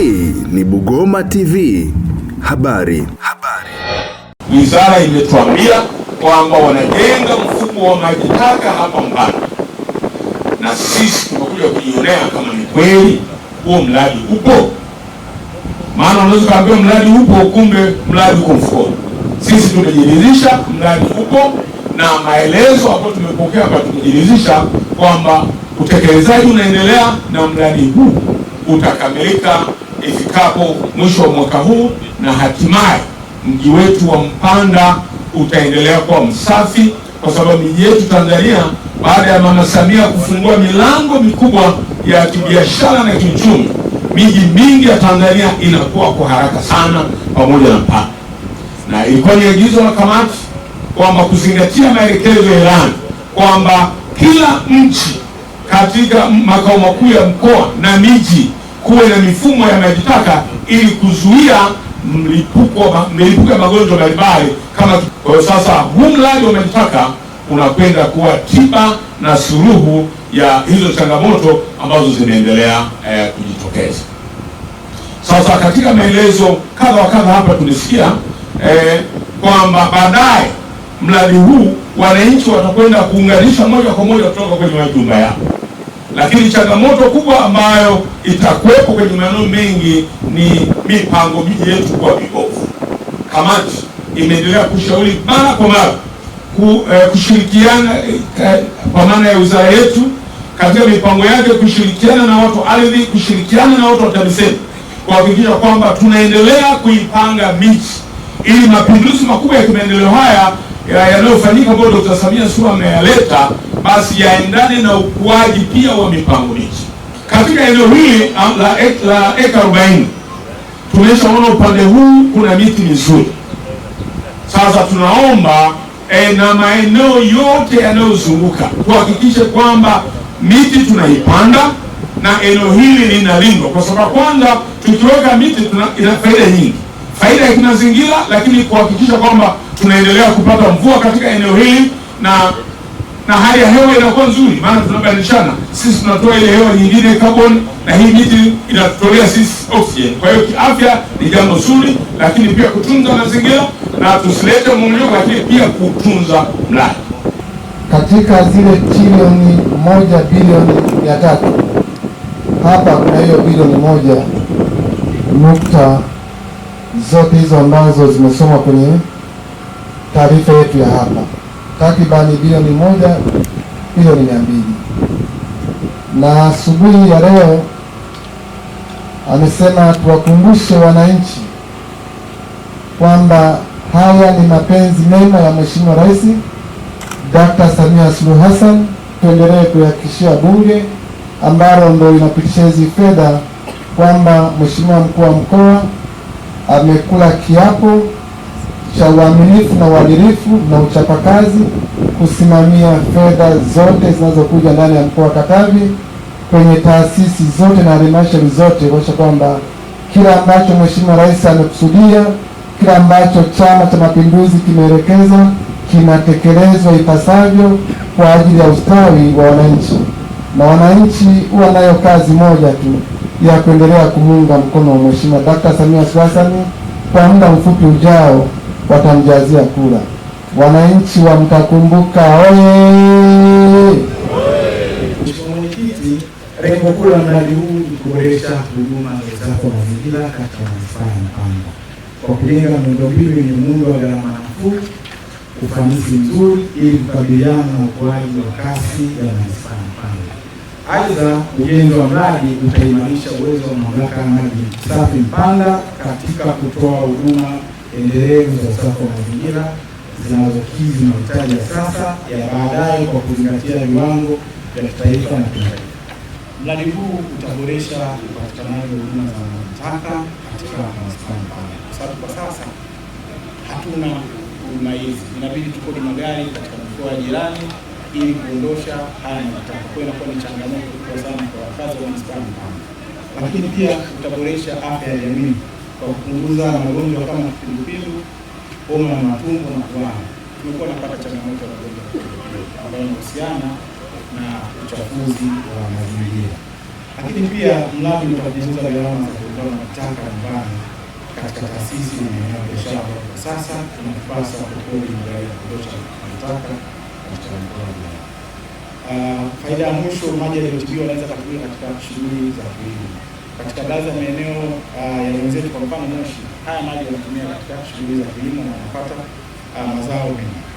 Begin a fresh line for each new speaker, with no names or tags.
Hii ni Bugoma TV habari. Habari.
Wizara imetuambia kwamba wanajenga mfumo wa maji taka hapa Mbana, na sisi tumekuja kujionea kama ni kweli huo mradi upo. Maana unaweza ukaambiwa mradi upo, kumbe mradi uko mfukoni. Sisi tumejiridhisha mradi upo, na maelezo ambayo tumepokea hapa tumejiridhisha kwamba utekelezaji unaendelea na mradi huu utakamilika ifikapo mwisho wa mwaka huu, na hatimaye mji wetu wa Mpanda utaendelea kuwa msafi, kwa sababu miji yetu Tanzania baada ya Mama Samia kufungua milango mikubwa ya kibiashara na kiuchumi, miji mingi ya Tanzania inakuwa kwa haraka sana, pamoja na Mpanda. Na ilikuwa ni agizo la kamati kwamba kuzingatia maelekezo ya ilani kwamba kila nchi katika makao makuu ya mkoa na miji kuwe na mifumo ya maji taka ili kuzuia mlipuko milipuko ya magonjwa mbalimbali kama. Kwa hiyo sasa huu mradi wa maji taka unakwenda kuwa tiba na suluhu ya hizo changamoto ambazo zinaendelea eh, kujitokeza. Sasa katika maelezo kadha wa kadha hapa tulisikia eh, kwamba baadaye mradi huu wananchi watakwenda kuunganisha moja kwa moja kutoka kwenye majumba yao lakini changamoto kubwa ambayo itakuwepo kwenye maeneo mengi ni mipango miji yetu kwa vibovu. Kamati imeendelea kushauri mara kwa mara ku, eh, kushirikiana eh, kwa maana ya wizara yetu katika mipango yake kushirikiana na watu ardhi, kushirikiana na watu wa TAMISEMI kuhakikisha kwamba tunaendelea kuipanga miji ili mapinduzi makubwa ya kimaendeleo haya eh, yanayofanyika ambayo Dkt. Samia Suluhu ameyaleta basi yaendane na ukuaji pia wa mipango miji katika eneo hili la eka 40. Tumeshaona upande huu kuna miti mizuri. Sasa tunaomba e, na maeneo yote yanayozunguka tuhakikishe kwamba miti tunaipanda na eneo hili linalindwa, kwa sababu kwanza tukiweka miti tuna, ina faida nyingi, faida ya kimazingira, lakini kuhakikisha kwamba tunaendelea kupata mvua katika eneo hili na na hali ya hewa inakuwa nzuri, maana tunabadilishana sisi, tunatoa ile hewa nyingine carbon, na hii miti inatutolea sisi oxygen. Kwa hiyo kiafya ni jambo zuri, lakini pia kutunza mazingira na tusilete mmomonyoko, lakini pia kutunza mlali.
Katika zile trilioni moja bilioni mia tatu hapa kuna hiyo bilioni moja nukta zote hizo ambazo zimesomwa kwenye taarifa yetu ya hapa takribani bilioni moja bilioni mia mbili na asubuhi ya leo amesema tuwakumbushe wananchi kwamba haya ni mapenzi mema ya Mheshimiwa Rais Dr. Samia Suluhu Hassan, tuendelee kuyahakikishia Bunge ambalo ndo inapitisha hizi fedha kwamba Mheshimiwa mkuu wa mkoa amekula kiapo cha uaminifu na uadilifu na uchapakazi, kusimamia fedha zote zinazokuja ndani ya mkoa wa Katavi kwenye taasisi zote na halmashauri zote, kuonyesha kwamba kila ambacho Mheshimiwa Rais amekusudia, kila ambacho Chama cha Mapinduzi kimeelekeza kinatekelezwa ipasavyo kwa ajili ya ustawi wa wananchi, na wananchi huwa nayo kazi moja tu ya kuendelea kumuunga mkono wa Mheshimiwa Dakta Samia Suluhu Hassan kwa muda mfupi ujao watamjazia kura. Wananchi wamtakumbuka oye!
Mheshimiwa Mwenyekiti, lengo kuu la mradi huu ni kuboresha huduma za usafi wa mazingira kata manispaa ya Mpanda kwa kujenga miundombinu yenye muundo wa gharama nafuu, ufanisi mzuri, ili kukabiliana na ukuaji wa kasi ya manispaa ya Mpanda. Aidha, ujenzi wa mradi utaimarisha uwezo wa mamlaka ya maji safi Mpanda katika kutoa huduma endelevu za usafi wa mazingira zinazokidhi mahitaji ya sasa ya baadaye kwa kuzingatia viwango vya kitaifa na kimataifa.
Mradi huu utaboresha upatikanaji wa huduma za taka katika manispaa Mpanda, kwa sababu kwa sasa hatuna huduma hizi, inabidi tukodi magari katika mikoa ya jirani ili kuondosha haya mataka. Kwa hiyo inakuwa ni changamoto kubwa sana kwa wakazi wa manispaa Mpanda, lakini pia utaboresha afya ya jamii kwa kupunguza magonjwa kama kipindupindu, homa ya matumbo na kuhara. Tumekuwa napata changamoto ya magonjwa ambayo inahusiana na uchafuzi wa mazingira, lakini pia mradi utapunguza gharama za kuondoa mataka nyumbani katika taasisi na maeneo ya biashara. Kwa sasa tunapaswa kukodi magari ya kutosha mataka katika mkoa wa Mbeya. Ah, faida ya mwisho, maji yaliyotibiwa yanaweza kutumika katika shughuli za kilimo katika baadhi ya maeneo ah, ya wenzetu, kwa mfano Moshi, haya maji yanatumia katika shughuli za kilimo na wanapata ah, mazao mengi.